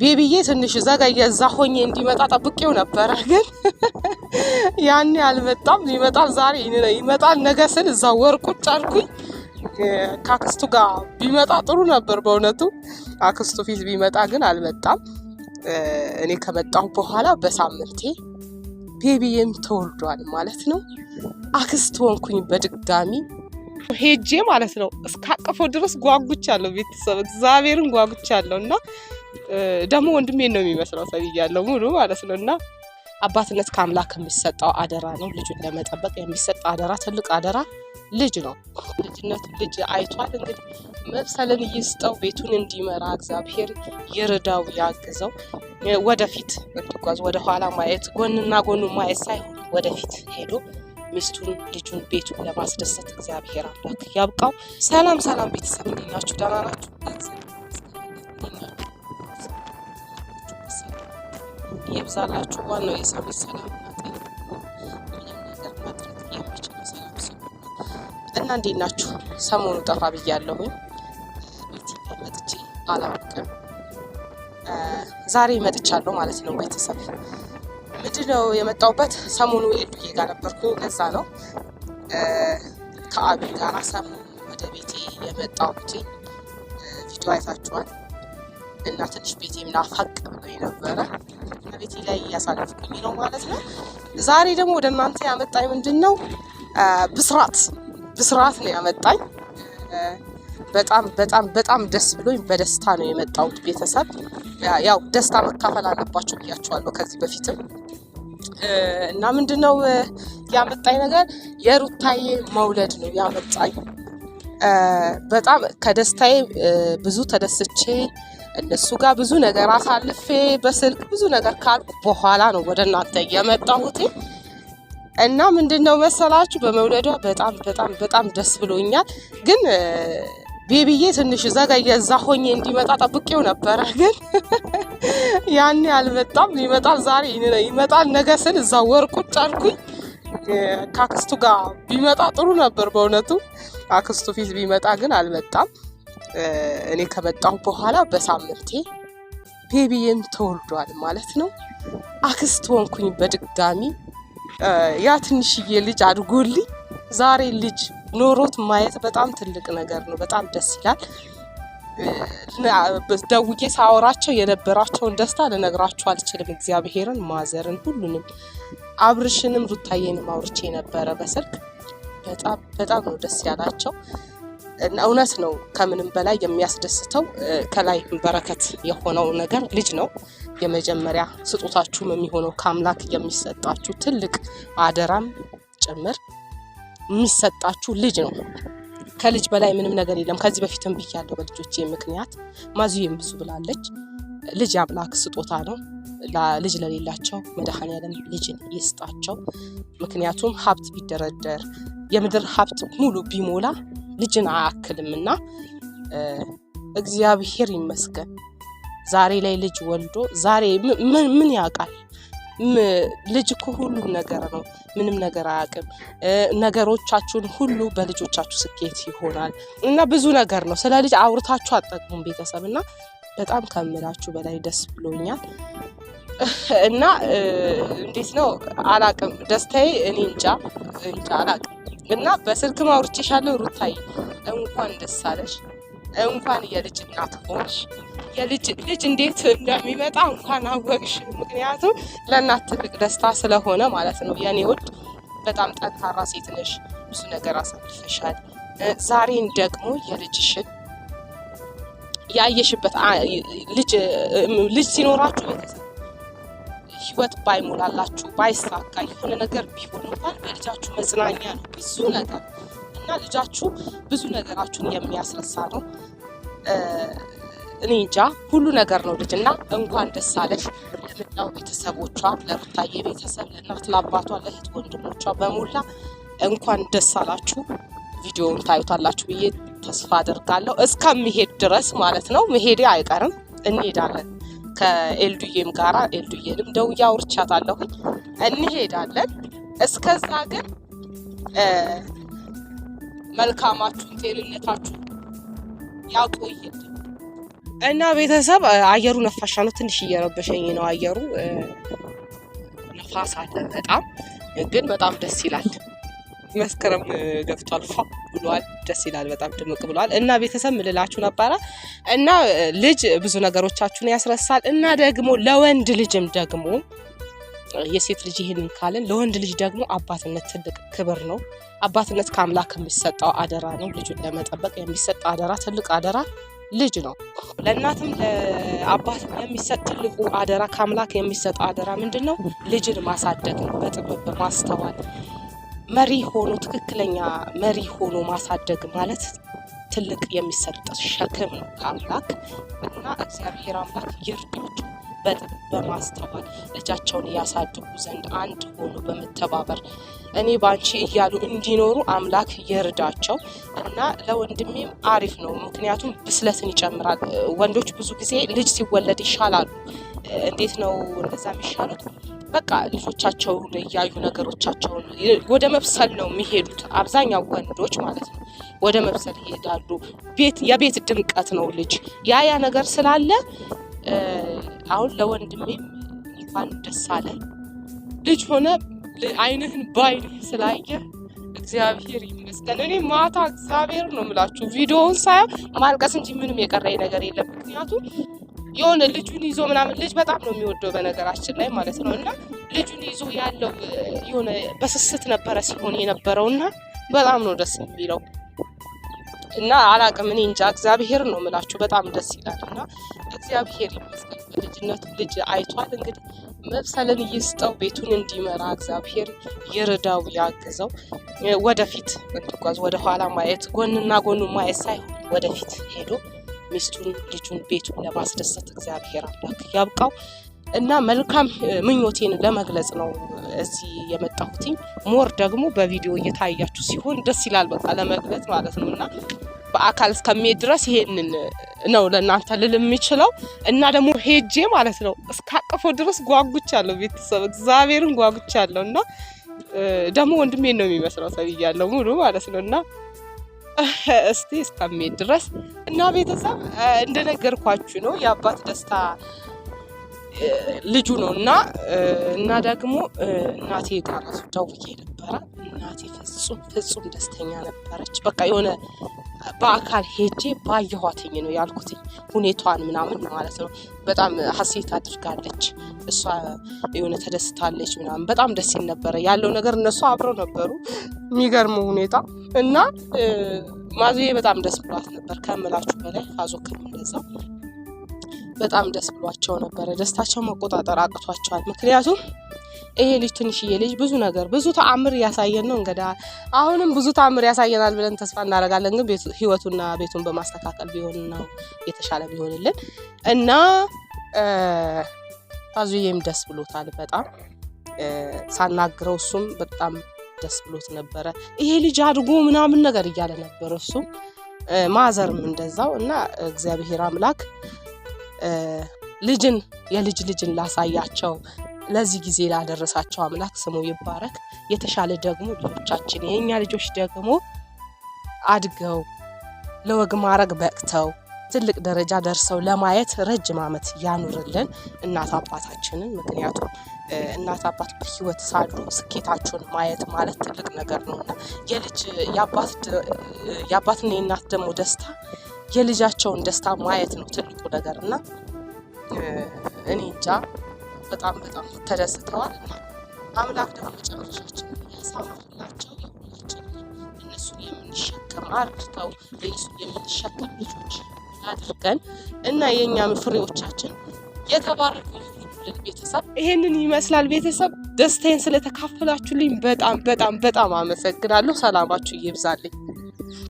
ቤቢዬ ትንሽ እዛ ጋ እዛ ሆኜ እንዲመጣ ጠብቄው ነበረ፣ ግን ያኔ አልመጣም። ይመጣል ዛሬ ይመጣል ነገ ስል እዛ ወር ቁጭ አልኩኝ። ከአክስቱ ጋር ቢመጣ ጥሩ ነበር በእውነቱ አክስቱ ፊት ቢመጣ፣ ግን አልመጣም። እኔ ከመጣሁ በኋላ በሳምንቴ ቤቢዬም ተወልዷል ማለት ነው። አክስት ሆንኩኝ በድጋሚ ሄጄ ማለት ነው። እስካቀፈው ድረስ ጓጉቻለሁ። ቤተሰብ እግዚአብሔርን ጓጉቻለሁ እና ደግሞ ወንድሜን ነው የሚመስለው ያለው ሙሉ ማለት ነው። እና አባትነት ከአምላክ የሚሰጠው አደራ ነው። ልጁን ለመጠበቅ የሚሰጠው አደራ፣ ትልቅ አደራ ልጅ ነው። ልጅነት ልጅ አይቷል እንግዲህ መብሰልን ይስጠው፣ ቤቱን እንዲመራ እግዚአብሔር ይርዳው፣ ያግዘው፣ ወደፊት እንዲጓዝ ወደኋላ ማየት ጎንና ጎኑ ማየት ሳይሆን ወደፊት ሄዶ ሚስቱን ልጁን ቤቱን ለማስደሰት እግዚአብሔር አምላክ ያብቃው። ሰላም ሰላም፣ ቤተሰብ እንዴት ደህና ናችሁ? ይብዛላችሁ። ዋናው የሰው ልጅ ሰላምና ምንም ነገር ማድረግ የሚችለው ሰላም ሲሆን እና እንዴት ናችሁ? ሰሞኑ ጠፋ ብያለሁኝ። ኢትዮጵያ መጥቼ አላውቅም። ዛሬ መጥቻለሁ ማለት ነው ቤተሰብ ምንድን ነው የመጣሁበት? ሰሞኑ ኤልዱዬ ጋር ነበርኩ። ከዛ ነው ከአቢ ጋር ሰሞኑ ወደ ቤቴ የመጣሁት ቪዲዮ አይታችኋል። እና ትንሽ ቤቴ ምናፋቅ ብሎ ነበረ ቤቴ ላይ እያሳለፍኩ ነው ማለት ነው። ዛሬ ደግሞ ወደ እናንተ ያመጣኝ ምንድን ነው? ብስራት ብስራት ነው ያመጣኝ። በጣም በጣም በጣም ደስ ብሎኝ በደስታ ነው የመጣሁት። ቤተሰብ ያው ደስታ መካፈል አለባቸው ብያቸዋለሁ ከዚህ በፊትም እና ምንድን ነው ያመጣኝ ነገር የሩታዬ መውለድ ነው ያመጣኝ። በጣም ከደስታዬ ብዙ ተደስቼ እነሱ ጋር ብዙ ነገር አሳልፌ በስልክ ብዙ ነገር ካልኩ በኋላ ነው ወደ እናንተ የመጣሁት እና ምንድን ነው መሰላችሁ በመውለዷ በጣም በጣም በጣም ደስ ብሎኛል። ግን ቤቢዬ ትንሽ ዘጋ የዛ ሆኜ እንዲመጣ ጠብቄው ነበረ። ግን ያኔ አልመጣም። ይመጣል ዛሬ ይመጣል ነገ ስል እዛ ወር አልኩኝ። ከአክስቱ ጋር ቢመጣ ጥሩ ነበር በእውነቱ አክስቱ ፊት ቢመጣ ግን አልመጣም። እኔ ከመጣሁ በኋላ በሳምንቴ ቤቢዬም ተወልዷል ማለት ነው። አክስት ሆንኩኝ በድጋሚ ያ ትንሽዬ ልጅ አድጎልኝ ዛሬ ልጅ ኖሮት ማየት በጣም ትልቅ ነገር ነው። በጣም ደስ ይላል። ደውጌ ሳወራቸው የነበራቸውን ደስታ ልነግራቸው አልችልም። እግዚአብሔርን ማዘርን፣ ሁሉንም አብርሽንም ሩታዬንም አውርቼ የነበረ በስልክ በጣም በጣም ነው ደስ ያላቸው። እውነት ነው። ከምንም በላይ የሚያስደስተው ከላይ በረከት የሆነው ነገር ልጅ ነው። የመጀመሪያ ስጦታችሁም የሚሆነው ከአምላክ የሚሰጣችሁ ትልቅ አደራም ጭምር የሚሰጣችሁ ልጅ ነው። ከልጅ በላይ ምንም ነገር የለም። ከዚህ በፊትም ብያለሁ በልጆቼ ምክንያት ማዙዬም ብዙ ብላለች። ልጅ የአምላክ ስጦታ ነው። ልጅ ለሌላቸው መድኃኔዓለም ልጅን ይስጣቸው። ምክንያቱም ሀብት ቢደረደር የምድር ሀብት ሙሉ ቢሞላ ልጅን አያክልም እና እግዚአብሔር ይመስገን ዛሬ ላይ ልጅ ወልዶ ዛሬ ምን ያውቃል? ልጅ እኮ ሁሉም ነገር ነው። ምንም ነገር አያውቅም። ነገሮቻችሁን ሁሉ በልጆቻችሁ ስኬት ይሆናል እና ብዙ ነገር ነው። ስለ ልጅ አውርታችሁ አጠቅሙም ቤተሰብ እና በጣም ከምላችሁ በላይ ደስ ብሎኛል እና እንዴት ነው አላቅም ደስታዬ እኔ እንጃ እንጃ አላቅም እና በስልክ ማውርቼሻለሁ። ሩታይ እንኳን ደስ አለሽ፣ እንኳን የልጅ እናት ሆንሽ። የልጅ ልጅ እንዴት እንደሚመጣ እንኳን አወቅሽ። ምክንያቱም ለእናት ትልቅ ደስታ ስለሆነ ማለት ነው። የኔ ውድ በጣም ጠንካራ ሴት ነሽ፣ ብዙ ነገር አሳልፈሻል። ዛሬን ደግሞ የልጅሽን ያየሽበት ልጅ ሲኖራችሁ ቤተሰብ ህይወት ባይሞላላችሁ ባይሳካ የሆነ ነገር ቢሆን እንኳን በልጃችሁ መጽናኛ ነው ብዙ ነገር እና ልጃችሁ ብዙ ነገራችሁን የሚያስረሳ ነው። እኔ እንጃ ሁሉ ነገር ነው ልጅ እና እንኳን ደስ አለሽ። ለምናው ቤተሰቦቿ፣ ለሩታዬ ቤተሰብ፣ ለእናት ለአባቷ፣ ለእህት ወንድሞቿ በሞላ እንኳን ደስ አላችሁ። ቪዲዮውን ታዩታላችሁ ብዬ ተስፋ አደርጋለሁ። እስከሚሄድ ድረስ ማለት ነው። መሄዴ አይቀርም፣ እንሄዳለን ከኤልዱዬም ጋራ ኤልዱዬንም ደውዬ አውርቻታለሁ። እንሄዳለን። እስከዛ ግን መልካማችሁን ጤንነታችሁ ያቆየል እና ቤተሰብ አየሩ ነፋሻ ነው። ትንሽ እየረበሸኝ ነው አየሩ ነፋስ አለ በጣም ግን በጣም ደስ ይላል። መስከረም ገብቶ አልፏ ብሏል። ደስ ይላል። በጣም ድምቅ ብሏል። እና ቤተሰብ ምልላችሁ ነበረ እና ልጅ ብዙ ነገሮቻችሁን ያስረሳል እና ደግሞ ለወንድ ልጅም ደግሞ የሴት ልጅ ይህንን ካልን ለወንድ ልጅ ደግሞ አባትነት ትልቅ ክብር ነው። አባትነት ከአምላክ የሚሰጠው አደራ ነው። ልጁን ለመጠበቅ የሚሰጠው አደራ ትልቅ አደራ ልጅ ነው። ለእናትም ለአባት የሚሰጥ ትልቁ አደራ ከአምላክ የሚሰጠው አደራ ምንድን ነው? ልጅን ማሳደግ ነው። በጥበብ በማስተዋል መሪ ሆኖ ትክክለኛ መሪ ሆኖ ማሳደግ ማለት ትልቅ የሚሰጥ ሸክም ነው ከአምላክ እና እግዚአብሔር አምላክ ይርዳቸው። በጥበብ በማስተዋል ልጃቸውን እያሳድጉ ዘንድ አንድ ሆኖ በመተባበር እኔ ባንቺ እያሉ እንዲኖሩ አምላክ ይርዳቸው እና ለወንድሜም አሪፍ ነው። ምክንያቱም ብስለትን ይጨምራል። ወንዶች ብዙ ጊዜ ልጅ ሲወለድ ይሻላሉ። እንዴት ነው እንደዛ የሚሻሉት? በቃ ልጆቻቸው እያዩ ነገሮቻቸውን ወደ መብሰል ነው የሚሄዱት። አብዛኛው ወንዶች ማለት ነው ወደ መብሰል ይሄዳሉ። ቤት የቤት ድምቀት ነው ልጅ። ያ ያ ነገር ስላለ አሁን ለወንድሜም እንኳን ደስ አለ ልጅ ሆነ አይንህን ባይ ስላየ እግዚአብሔር ይመስገን። እኔ ማታ እግዚአብሔር ነው የምላችሁ ቪዲዮውን ሳያ ማልቀስ እንጂ ምንም የቀረኝ ነገር የለም ምክንያቱም የሆነ ልጁን ይዞ ምናምን ልጅ በጣም ነው የሚወደው በነገራችን ላይ ማለት ነው። እና ልጁን ይዞ ያለው የሆነ በስስት ነበረ ሲሆን የነበረው እና በጣም ነው ደስ የሚለው እና አላቅም እኔ እንጃ እግዚአብሔር ነው ምላችሁ በጣም ደስ ይላል። እና እግዚአብሔር ይመስገን በልጅነቱ ልጅ አይቷል። እንግዲህ መብሰልን ይስጠው፣ ቤቱን እንዲመራ እግዚአብሔር ይርዳው፣ ያግዘው፣ ወደፊት እንዲጓዝ ወደኋላ ማየት ጎንና ጎኑ ማየት ሳይሆን ወደፊት ሄዶ ሚስቱን፣ ልጁን፣ ቤቱን ለማስደሰት እግዚአብሔር አምላክ ያብቃው እና መልካም ምኞቴን ለመግለጽ ነው እዚህ የመጣሁት። ሞር ደግሞ በቪዲዮ እየታያችሁ ሲሆን ደስ ይላል፣ በቃ ለመግለጽ ማለት ነው እና በአካል እስከሚሄድ ድረስ ይሄንን ነው ለእናንተ ልል የሚችለው እና ደግሞ ሄጄ ማለት ነው እስካቀፎ ድረስ ጓጉቻለሁ። ቤተሰብ እግዚአብሔርን ጓጉቻለሁ እና ደግሞ ወንድሜን ነው የሚመስለው ሰብያለው ሙሉ ማለት ነው እና እስቲ እስከሚሄድ ድረስ እና ቤተሰብ እንደነገርኳችሁ ነው የአባት ደስታ ልጁ ነው እና እና ደግሞ እናቴ ጋር እራሱ ደውዬ ነበረ። እናቴ ፍጹም ፍጹም ደስተኛ ነበረች። በቃ የሆነ በአካል ሄጄ ባየኋትኝ ነው ያልኩትኝ ሁኔቷን ምናምን ማለት ነው። በጣም ሀሴት አድርጋለች እሷ የሆነ ተደስታለች ምናምን በጣም ደስ ይል ነበረ ያለው ነገር። እነሱ አብረው ነበሩ የሚገርመው ሁኔታ እና ማዙዬ በጣም ደስ ብሏት ነበር ከምላችሁ በላይ አዞክም እንደዛ በጣም ደስ ብሏቸው ነበረ። ደስታቸው መቆጣጠር አቅቷቸዋል። ምክንያቱም ይሄ ልጅ ትንሽዬ ልጅ ብዙ ነገር ብዙ ተአምር እያሳየን ነው። እንግዳ አሁንም ብዙ ተአምር ያሳየናል ብለን ተስፋ እናደርጋለን። ግን ህይወቱና ቤቱን በማስተካከል ቢሆንና የተሻለ ቢሆንልን እና ታዙዬም ደስ ብሎታል በጣም ሳናግረው እሱም በጣም ደስ ብሎት ነበረ። ይሄ ልጅ አድጎ ምናምን ነገር እያለ ነበር እሱ ማዘርም እንደዛው እና እግዚአብሔር አምላክ ልጅን የልጅ ልጅን ላሳያቸው ለዚህ ጊዜ ላደረሳቸው አምላክ ስሙ ይባረክ። የተሻለ ደግሞ ልጆቻችን የእኛ ልጆች ደግሞ አድገው ለወግ ማረግ በቅተው ትልቅ ደረጃ ደርሰው ለማየት ረጅም ዓመት ያኑርልን እናት አባታችንን። ምክንያቱም እናት አባት በህይወት ሳሉ ስኬታቸውን ማየት ማለት ትልቅ ነገር ነው እና የልጅ የአባትና የእናት ደግሞ ደስታ የልጃቸውን ደስታ ማየት ነው ትልቁ ነገር እና እኔ እንጃ በጣም በጣም ተደስተዋል። አምላክ ደግሞ መጨረሻችን ያሳምርላቸው። የሁላችን እነሱን የምንሸከም አርፍተው እነሱን የምንሸከም ልጆች አድርገን እና የእኛም ፍሬዎቻችን የተባረኩ ቤተሰብ ይሄንን ይመስላል። ቤተሰብ ደስታዬን ስለተካፈላችሁልኝ በጣም በጣም በጣም አመሰግናለሁ። ሰላማችሁ ይብዛልኝ።